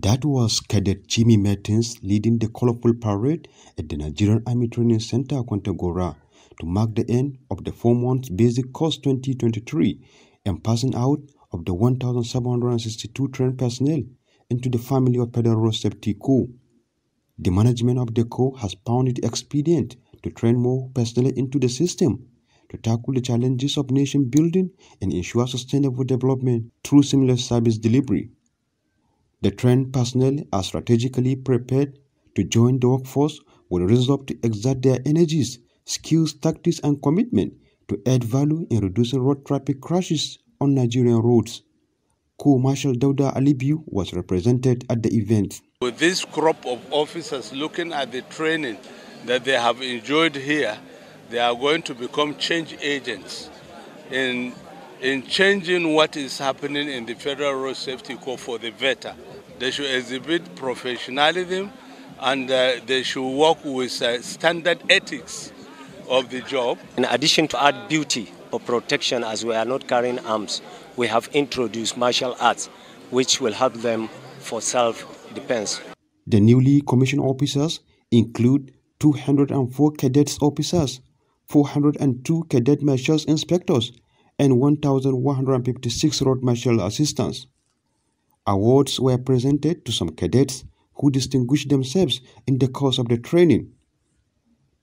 That was Cadet Jimmy Mertens leading the colorful parade at the Nigerian Army Training Center, Kwantagora, to mark the end of the four month basic course 2023 and passing out of the 1,762 trained personnel into the family of Pedro Safety The management of the corps has found it expedient to train more personnel into the system to tackle the challenges of nation building and ensure sustainable development through seamless service delivery. The trained personnel are strategically prepared to join the workforce with resolve to exert their energies, skills, tactics, and commitment to add value in reducing road traffic crashes on Nigerian roads. Co-Marshal Dauda Alibiu was represented at the event. With this crop of officers looking at the training that they have enjoyed here, they are going to become change agents in, in changing what is happening in the Federal Road Safety Corps for the better. They should exhibit professionalism and uh, they should work with uh, standard ethics of the job. In addition to art beauty or protection, as we are not carrying arms, we have introduced martial arts, which will help them for self-defense. The newly commissioned officers include 204 cadets officers 402 cadet marshals, inspectors and 1,156 road marshal assistants. Awards were presented to some cadets who distinguished themselves in the course of the training.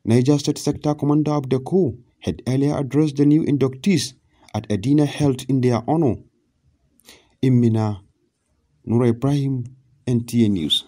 Niger State Sector Commander of the Corps had earlier addressed the new inductees at a dinner held in their honor. In Mina, Nura Ibrahim, NTA News.